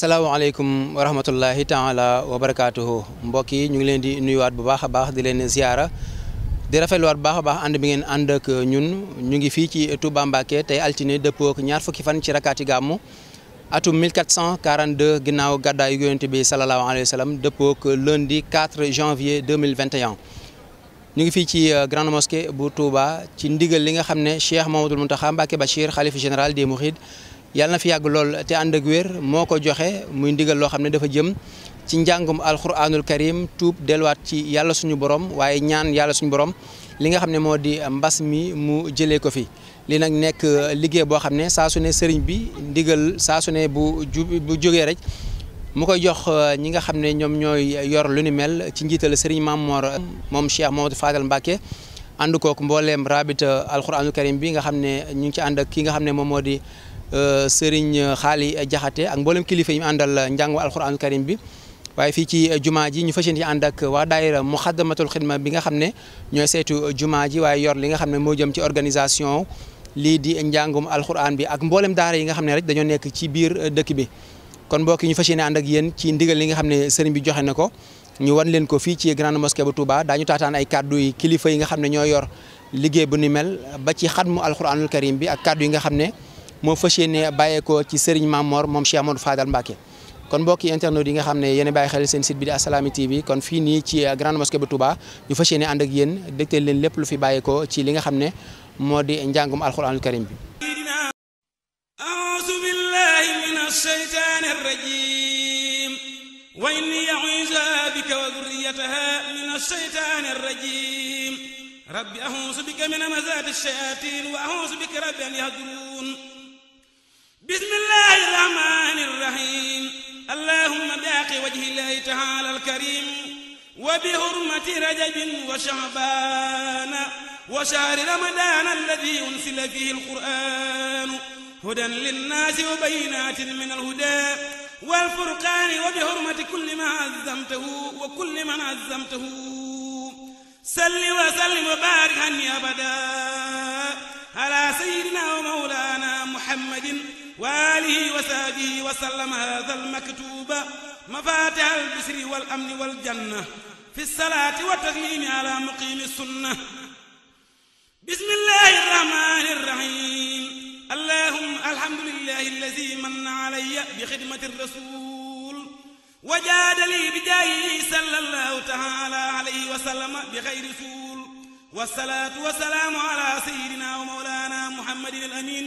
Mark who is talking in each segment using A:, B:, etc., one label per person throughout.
A: asalaamaaleykum wa rahmatullahi taala wa barakaatuhu mbokk yi ñu ngi leen di nuyuwaat bu baax a baax di leen ziara di rafetluwaat bu baax a ànd bi ngeen ànd ak ñun ñu ngi fii ci Touba Mbacké tey altine dëppoo ak ñaar fukki fan ci rakkaati gàmmu atum 1442 ginnaaw gàddaayu yonent bi salallaahu alayhi wa sallam dëppoo ak lundi 4 janvier 2021 ñu ngi fii ci euh, grande mosquée bu Touba ci ndigal li nga xam ne Cheikh Mamadou Mountakha Mbacké Bachir xalifa général des Mourides yàlla na fi yàgg lool te ànd ak wér moo ko joxe muy ndigal loo xam ne dafa jëm ci njàngum alxuraanul karim tuub delluwaat ci yàlla suñu borom waaye ñaan yàlla suñu borom li nga xam ne moo di mbas mi mu jëlee ko fi. li nag nekk liggéey boo xam ne saa su ne bi ndigal saa su bu ju bu jógee rek mu koy jox euh, ñi nga xam ne ñoom ñooy yor lu ni mel ci njiital sëriñ Mamor moom Cheikh Mamadou Fadal Mbacke. ànd kook mbooleem rabita alxuraanul karim bi nga xam ne ñu ngi ci ànd ak ki nga xam ne moom moo di. Euh, Serigne Xaali Jaxate ak mboolem kilifa yi mu àndal njàngu alxuraanu karim bi waaye fii ci jumaa ji ñu fas yéene ànd ak waa daayira muxaddamatul xidma bi nga xam ne ñooy saytu jumaa ji waaye yor li nga xam ne moo jëm ci organisation lii di njàngum alxuraan bi ak mboolem daara yi nga xam ne rek dañoo nekk ci biir dëkk bi kon mbokk ñu fas yéene ànd ak yéen ci ndigal li nga xam ne sëriñ bi joxe na ko ñu wan leen ko fii ci grande mosquée bu Touba daañu taataan ay kaddu yi kilifa yi nga xam ne ñoo yor liggéey bu ni mel ba ci xatmu alxuraanul karim bi ak kaddu yi nga xam ne moo fas yéene bàyyeekoo ci Serigne Mamor moom Cheikh Amadou Fadal Mbacke kon mbokki internet yi nga xam ne yéen a bàyyi xel seen site bi di Assalaamy TV kon fii nii ci euh, grande mosquée bu Touba ñu fas ne ànd ak yéen dégtal leen lépp lu fi bàyyeekoo ci li nga xam ne moo di njàngum alxuraanul karim bi.
B: أعوذ بالله من الشيطان الرجيم وإني أعوذها بك وذريتها من الشيطان الرجيم رب أعوذ bismillaahi rahmaani rahiim allahumma baaqi wajhi laahi taala alkarim wa bi hurmati rajabin wa sha'baana wa shahri ramadaana alladi unsila fihi alqur'aanu hudan linnaasi wa bayyinaatin min alhudaa wal furqaani wa bi hurmati kulli man azzamtahu wa kulli man azzamtahu salli wa sallim wa baarik anni abadan ala sayyidina wa mawlaana muhammadin waalihi wa saabihi wa sallam hada almaktuba mafatih albisri walamni waljanna fi lsalati wa taslimi ala muqimi sunna bismi llahi arrahmani irrahim allahuma alhamdulilahi alladi manna alaya bi xidmati rasul wa jaadali bi jaayi salla allahu taala alayhi wa sallama bi xayri suul wasalaatu wasalaamu ala sayidina wa mawlana muhammadin al amin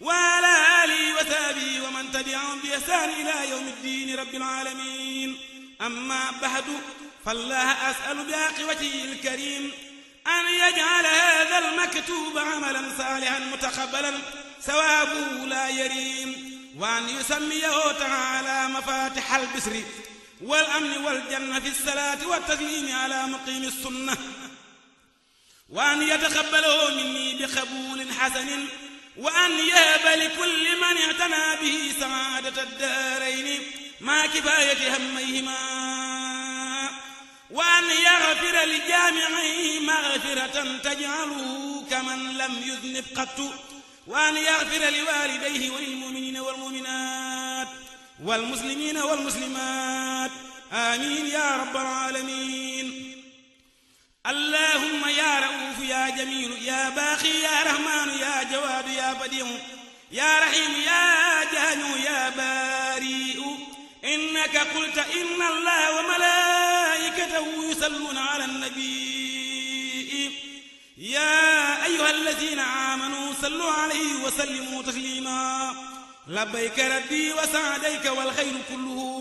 B: وعلى آله وصحبه ومن تبعهم بإحسان إلى يوم الدين رب العالمين أما بعد فالله أسأل بحق وجهه الكريم أن يجعل هذا المكتوب عملا صالحا متقبلا ثوابه لا يريم وأن يسميه تعالى مفاتح البسر والأمن والجنة في الصلاة والتسليم على مقيم السنة وأن يتقبله مني بقبول حسن wa anyaaba li kulli man i'tanaa bihi saadata addaarayni maa kifaayati hammayhimaa wa an yaghfira li jaami'i maghfiratan taj'aluhu kaman lam yuznib qattu wa an yaghfira li waalidayhi wa lil mu'miniina wal mu'minaat wal muslimiina wal muslimaat aamiin yaa rabbal aalamiin allahumma ya ra'uuf ya jamiilu ya baaqi ya rahmaanu ya jawaadu ya badiimu ya rahiimu ya jaanu ya baari'u innaka qulta inna allaha wa malaa'ikatahu yusalluuna ala nabii ya ayyuha allaziina aamanuu sallu alayhi wa sallimuu tasliimaa labbayka rabbii wa sa'dayka wal xayru kulluhu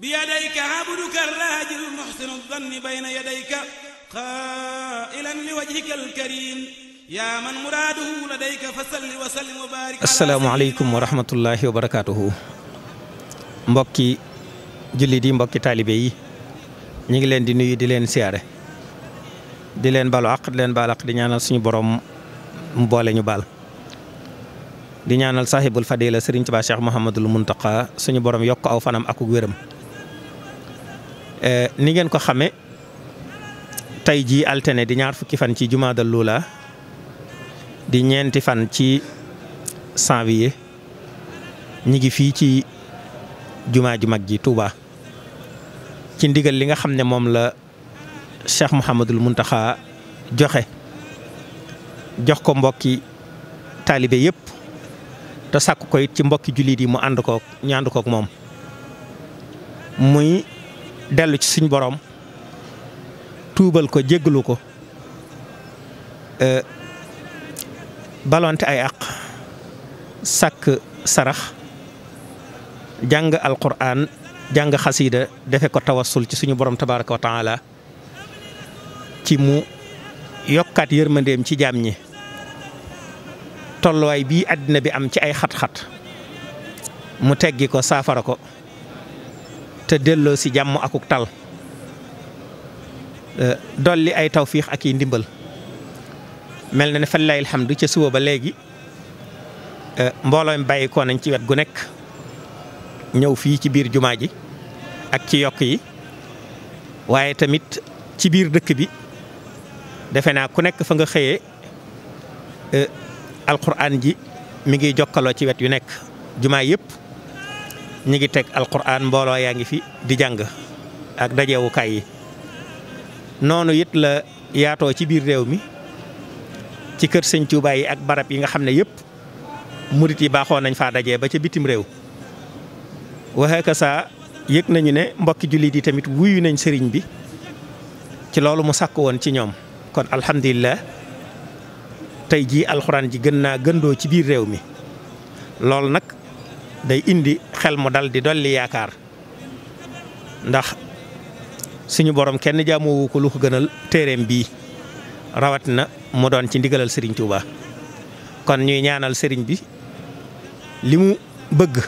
B: biyadayka abduka raajil muhsinu zanni bayna yadayka قائلا لوجهك الكريم يا من مراده لديك فصل وسلم وبارك
C: السلام عليكم ورحمة الله وبركاته mbokki jullit yi mbokki taalibe yi ñu ngi leen di nuyu di leen siyaare di leen balu àq di leen baal àq di ñaanal suñu borom mu boole ñu baal di ñaanal sahibul fadila sëriñ Tuubaa Cheikh Mouhamadul Muntaqa suñu borom yokk aw fanam ak wéram eh, ni ngeen ko xame tey jii altine di ñaar fukki fan ci jumaadal luula di ñeenti fan ci janvier ñi ngi fii ci jumaa ju mag ji Touba ci ndigal li nga xam ne moom la Cheikh Mouhamadul Mountakha joxe jox ko mbokki taalibe yépp te sàkk ko ci mbokki jullit yi mu ànd kook ñu ànd kook moom muy dellu ci suñ boroom tuubal ko jéggalu ko e, balonte ay àq sàkk sarax jàng alquran jàng xasiida defe ko tawasul ci suñu borom tabaraka wa taala ci mu yokkaat yërmandeem ci jaam ñi tolluwaay bii àddina bi am ci ay xat-xat mu teggi ko saafara ko te delloo ci jàmm akuk tal Euh, dolli ay tawfiix ak i ndimbal mel na ne fan laay alhamdu ca suba ba léegi euh, mbooloo mi bàyyi ko nañ ci wet gu nekk ñëw fii ci biir jumaa ji ak ci yokk yi waaye tamit ci biir dëkk bi defe naa ku nekk fa nga xëyee euh, alquran ji mu ngi jokkaloo ci wet yu nekk jumaa yépp ñu ngi teg alquran mbooloo yaa ngi fi di jàng ak dajewukaay yi noonu it la yaatoo ci biir réew mi ci kër sëñ Tuubaa yi ak barab yi nga xam ne yëpp murit yi baaxoo nañ faa dajee ba ca bitim réew waxee ko saa yëg nañu ne mbokki jullit yi tamit wuyu nañ sëriñ bi ci loolu mu sàkk woon ci ñoom kon alhamdulilah tey jii alxuraan ji gën naa gëndoo ci biir réew mi loolu nag day indi xel mu dal di dolli yaakaar ndax suñu borom kenn jaamoo ko lu ko gënal téereem bii rawat na mu doon ci ndigalal sëriñ Touba kon ñuy ñaanal sëriñ bi li mu bëgg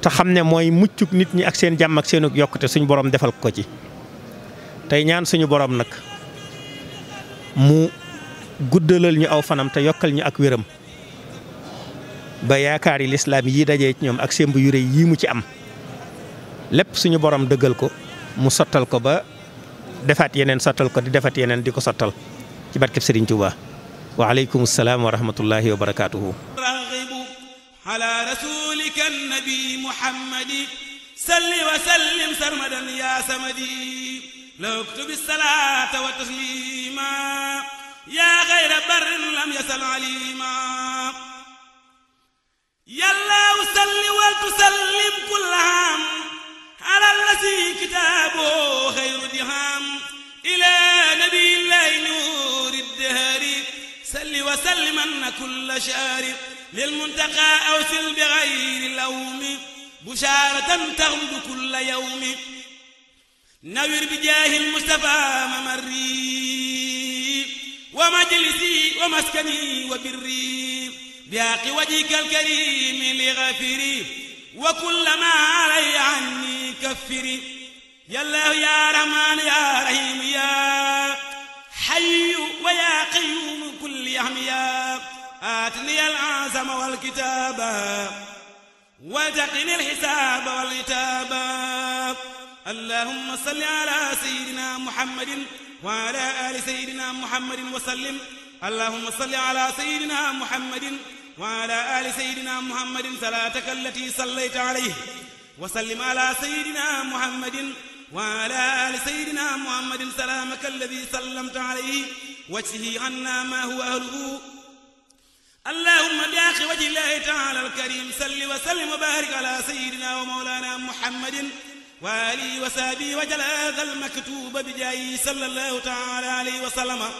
C: te xam ne mooy muccuk nit ñi ak seen jàmm ak seenug yokkute suñu borom defal ko ci tey ñaan suñu borom nag mu guddalal ñu aw fanam te yokkal ñu ak wéram ba yaakaar yaakaari lislaam yi dajee ci ñoom ak sémb yu rëy yii mu ci am lépp suñu borom dëggal ko mu sottal ko ba defaat yeneen sottal ko di defaat yeneen di ko sottal ci barkeb Serigne Touba wa aleykum salaam wa rahmatullahi wa barakaatuhu
B: raxibu ala rasulika nabi muhammadi salli wa sallim sarmadan ya samadi law aktubi salata wa taslima ya xayra barrin lam yasal alima yàlla salli wa tusallim kulla am على الذي كتابه خير دهام إلى نبي الله نور الدهر سل وسلما كل شارب للمنتقى أوسل بغير لوم بشارة تغمد كل يوم نوّر بجاه المصطفى ممري ومجلسي ومسكني وبري بحق وجهك الكريم لغفري wa kulla ma alayya anni kaffiri ya allah ya rahman ya rahim ya hayyu wa ya qayyum kulli yahmi ya atni al azama wal kitaba wa taqini al hisaba wal itaba allahumma salli ala sayyidina muhammadin wa ala ali sayyidina muhammadin wa sallim allahumma salli ala sayyidina muhammadin wa ala ali sayidina muhammadin salaataka allati sallayta alayhi wa sallim ala sayidina muhammadin wa ala ali sayidina muhammadin salaamaka alladi sallamta alayhi wajhi anna ma huwa ahluhu allahumma bi haqqi wajhi llahi taala alkarim salli wa sallim wa barik ala sayidina wa mawlana muhammadin wa alihi wa sahbihi wa jal hadha almaktuba bi jaayi sallallahu taala alayhi wa sallama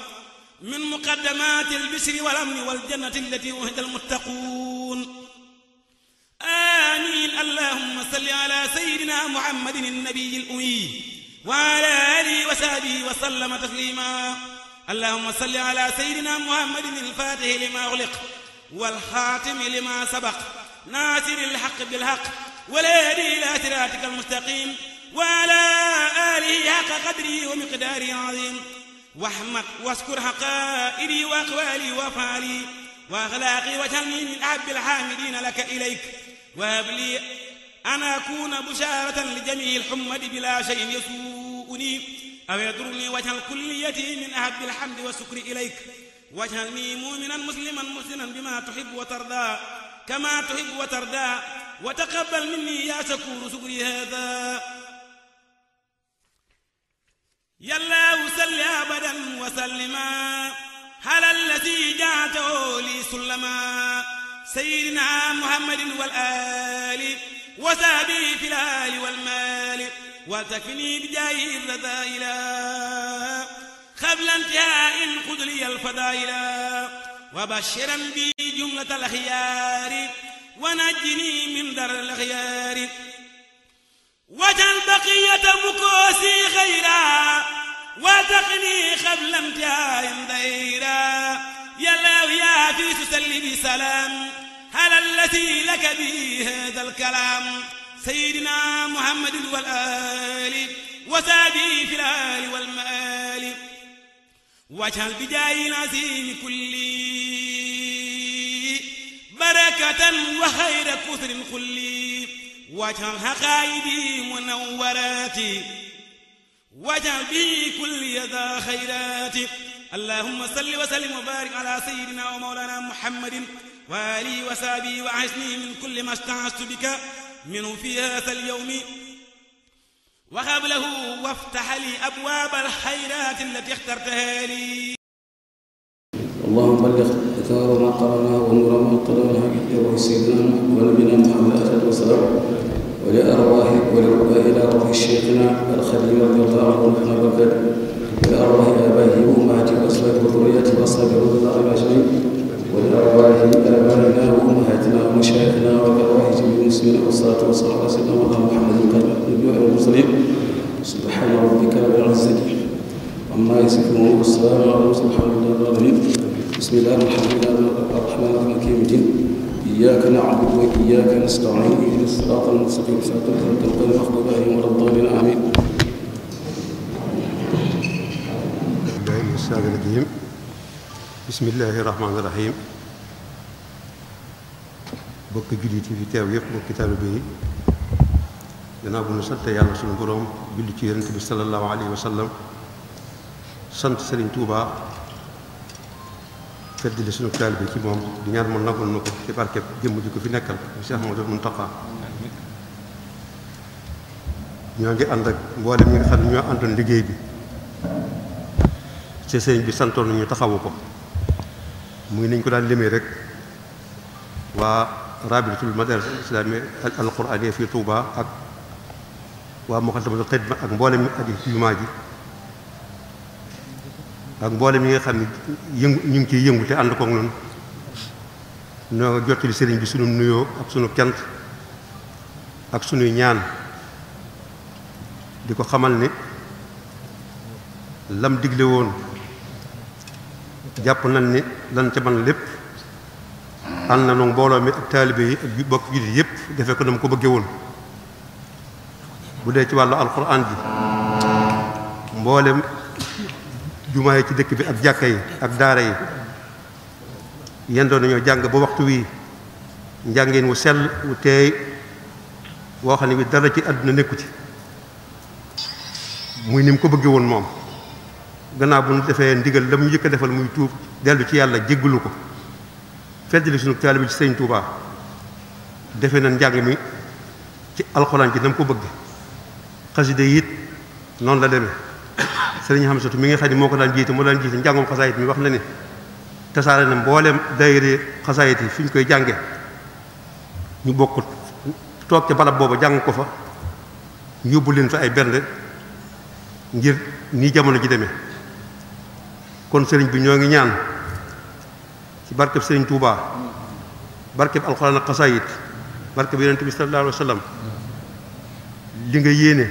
B: min muqaddamaati albishri wal amni wal jannati allati wahida almuttaquun amin allahumma salli ala sayyidina muhammadin annabiy al-ummiy wa ala alihi wa sahbihi wa sallama taslima allahumma salli ala sayyidina muhammadin al-faatihi lima ughliq والخاتم لما سبق ناصر الحق بالحق والهادي إلى صراطك المستقيم وعلى آله حق قدره ومقداره العظيم واحمد واذكر حقائدي واقوالي وافعالي واخلاقي وجعلني من احب الحامدين لك اليك وهب لي ان اكون بشاره لجميع الحمد بلا شيء يسوءني او يضرني واجعل كليتي من احب الحمد والشكر اليك واجعلني مؤمنا مسلما مسلما بما تحب وترضى كما تحب وترضى وتقبل مني يا شكور شكري هذا yàllaahu salli abadan wa sallima ala alladi jaatoo li sullama sayyidina muhammadin wal aali wa saabi fil aali wal maali wal takfini bi jaayi radaila qabla intihaa'in qudri al fadaila wa bashiran bi jumlata al axyaari wa najjini min dar al axyaari wajal baqiyata mukoosi xayra waa taqni xablam taayin dayra yàllaaw yaa fi tusalli bi salaam ala allati laka bi hada alkalaam sayidina muhammadin wal ali wa saabi fi laali wal maali wajal bi jaayi naasimi kulli barakatan wa xayra kusrin kulli واجعل حقائدي منوراتي واجعل به كل ذا خيرات اللهم صل وسلم وبارك على سيدنا ومولانا محمد وآله وصحبه وعزني من كل ما استعذت بك منه في هذا اليوم وهب له وافتح لي أبواب الخيرات التي اخترتها لي اللهم بلغ إثار ما قرأناه ونور ما قرأناه وسيدنا ونبينا محمد والعقبى إلى روح شيخنا الخليل رضي الله عنه ونحن أبدا إلى أرواح آبائه وأمهاته وأسلافه وذريته وأصحابه رضي الله عنهم أجمعين ولأرواح آبائنا وأمهاتنا ومشايخنا ولأرواح جميع المسلمين والصلاة والسلام على سيدنا مولانا محمد النبي والمرسلين سبحان ربك رب العزة عما يصفون والسلام على المرسلين الحمد لله رب العالمين بسم الله الرحمن الرحيم الرحمن الرحيم الدين إياك نعبد وإياك نستعين اهدنا الصراط المستقيم صراط الذين أنعمت عليهم غير الضالين آمين.
D: bismillaahi rahmaani rahiim bokk jullit yi fi teew yëpp bokki taalibe yi gannaaw bu ñu sant yàlla suñu boroom julli ci yonent bi salallaahu alayhi wa sallam sant Sëriñ Tuubaa feddali sunu taal bi ci moom di ñaan mu nagul na ko ci barkeb jëmm ji ko fi nekkal Cheikh Modou Mountakha ñoo ngi ànd ak mboolem ñi nga xam ne ñoo àndoon liggéey bi ci sëñ bi santoon ñu taxawu ko mu ngi niñ ko daan limee rek waa rabitatul madaris islami al qur'aniya fii Touba ak waa Moukhaddamatoul Khidma ak mboolem ñu aji ci jumaa ji ak mboolem yi nga xam ne yëngu ñu ngi ciy yëngu te ànd koog noonu ñoo jottali sëriñ bi sunu nuyoo ak sunu kent ak sunuy ñaan di ko xamal ni lam digle woon jàpp nañ ni lan ca man lépp ànd na noonu mbooloo mi ak taalibe yi ak bokk jullit yépp defe ko na ko bëggee woon bu dee ci wàllu alxuraan ji mboolem jumaa yi ci dëkk bi ak jàkka yi ak daara yi yendoo nañoo jàng ba waxtu wii njàngeen wu sell wu teey woo xam ne bi dara ci àdduna nekku ci muy ni mu ko bëggee woon moom gannaaw bu ñu defee ndigal la mu njëkk a defal muy tuub dellu ci yàlla jéggalu ko feddali sunu taalibe ci sëñ Tuubaa defee na njàng mi ci alxuraan ji na mu ko bëgg xasida it noonu la deme sëriñ Xamsatu mi nga xam ne moo ko daan jiite moo daan jiite njàngoom xasaayit mi wax na ne tasaare na mbooleem daayira xasaayit yi fi ñu koy jànge ñu bokk toog ca barab booba jàng ko fa yóbbu leen fa ay bernde ngir nii jamono ji demee kon sëriñ bi ñoo ngi ñaan ci barkeb sëriñ Touba barkeb alxuraan ak xasaayit barkeb yonent bi sallallahu alayhi li nga yéene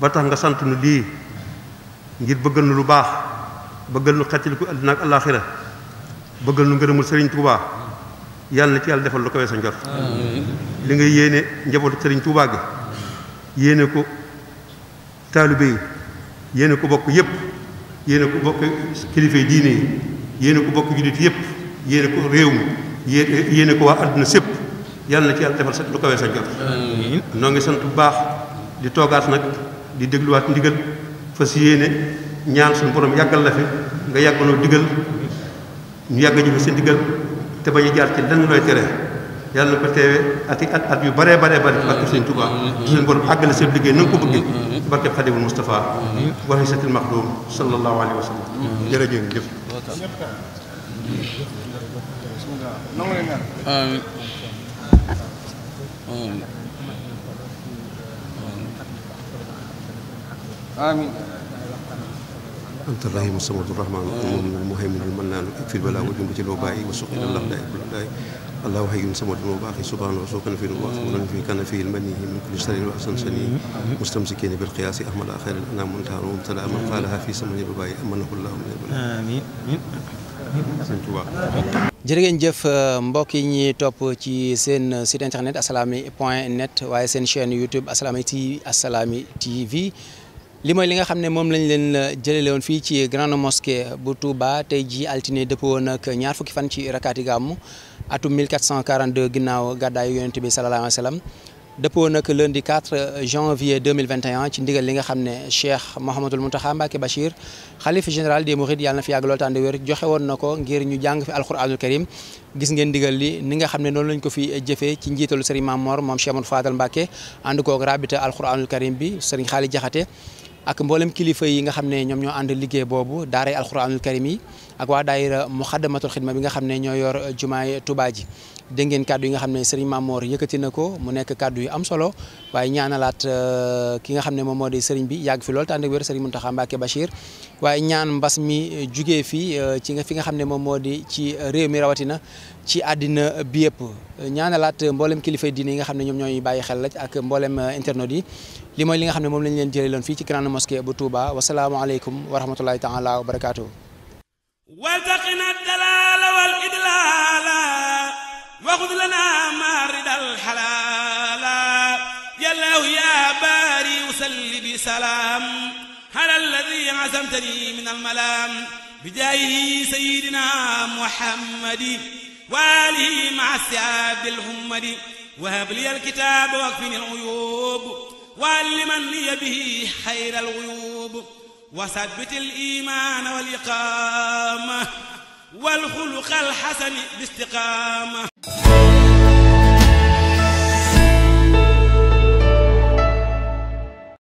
D: ba tax nga sant nu lii ngir bëggal nu lu baax bëggal nu xettaliku àddina ak àllaaxira bëggal nu ngërëmul sëriñ Touba yàlla na ci yàlla defal lu kawee sa njot li nga yéene njabootu sëriñ Touba gi yéene ko taalibe yi yéene ko bokk yépp yéene ko bokk kilifa yi diine yi yéene ko bokk juddit yépp yéene ko réew mi yéene ko waa àdduna sépp yàlla na ci yàlla defal sa lu kawee sa njot noo sant bu baax di toogaat nag di dégluwaat ndigal fas yéene ñaan suñu borom yàggal la fi nga yàggaloo digal ñu yàgg jëfe seen digal te ba a jaar ci lenn looy tere yàlla na ko teewe ati at at yu baree bare bari ci barke Sëñ Tuubaa suñu borom àggale seen liggéey na nga ko bëggee ci barke Xaadimul Mustafaa waxi satil maxduum sallallahu alayhi wa sallam jërëjëf jëf آمين أنت الرحيم الصمد الرحمن الرحيم المهيمن المنان اكفي البلاء وجنبة الوباء وسقينا الله دائب البلاء الله حي صمد وباقي سبحان وسوقا في الواخر في كان فيه المني من كل شر وأحسن سني مستمسكين بالقياس أحمد آخر الأنام منتهر ومبتلى من قالها في سمن الوباء أمنه الله من البلاء آمين آمين
A: jërë ngeen jëf mbokk yi ñuy topp ci seen site internet asalaami point net waaye seen chaîne YouTube asalaami TV asalaami TV li mooy li nga xam ne moom lañu leen euh, jëlale woon fii ci grande mosquée bu Touba tey ji altine dëpp woon ak ñaar fukki fan ci rakaati gàmmu atum 1442 ginnaaw gàddaayu yonent bi salallaahu alayhi wa sallam dëpp woon ak lundi 4 janvier 2021 ci ndigal li nga xam ne Cheikh Mouhamadul Mountakha Mbacké Bachir xalif général des Mourides yàlla fi yàgg lool joxe woon na ko ngir ñu jàng fi alxuraanul karim gis ngeen ndigal li ni nga xam ne noonu lañ ko fi jëfee ci njiitalu Serigne Mamor moom Cheikh Mouhamadou Fadal Mbacké ànd koog rabita alxuraanul karim bi Serigne Xaali Jaxate ak mbooleem kilifa yi nga xam ne ñoom ñoo ànd liggéey boobu daaray alxuraanul karim yi ak waa daayira muxaddamatul xidma bi nga xam ne ñoo yor jumaay Tuubaa ji dégg ngeen kàddu yi nga xam ne sëriñ Mamor yëkkati na ko mu nekk kàddu yu am solo waaye ñaanalaat euh, ki nga xam ne moom moo di sëriñ bi yàgg fi lool te ànd ak wér sëriñ Muntaxa Mbàkke Bachir waaye ñaan mbas mi jugee fi euh, ci nga fi nga xam ne moom moo di ci réew mi rawatina ci àddina bi yëpp ñaanalaat mboolem kilifa diine yi nga xam ne ñoom ñooy bàyyi xel la ak mbooleem euh, internet yi li mooy li nga xam ne moom lañ leen jëlee loon fii ci grande mosquée bu Touba wasalaamualeykum wa rahmatullahi taala wa barakaatu.
B: waltaqina dalala wal idlala waxud lana maridal halala yallahu ya bari usalli bi salaam ala alladi azamtani min almalam bijaahi sayidina muhammadi wa alihi ma siabil hummadi wahab li alkitab wakfini al uyub وعلمن لي به خير الغيوب وثبت الإيمان والإقامة والخلق الحسن باستقامة